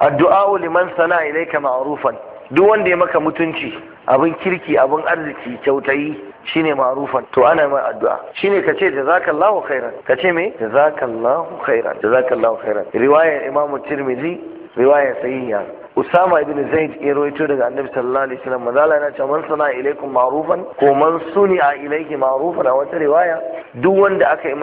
addu'a liman sana ilayka ma'rufan duk wanda ya maka mutunci abin kirki abin arziki kyautayi shine ma'rufan to ana mai addu'a shine kace jazakallahu khairan kace me jazakallahu khairan jazakallahu khairan riwaya imamu tirmidhi riwaya sahiha Usama ibn Zaid ya rawaito daga Annabi sallallahu alaihi wasallam mazala yana cewa man sana ilaikum ma'rufan ko man suni a ma'rufan a wata riwaya duk wanda aka yi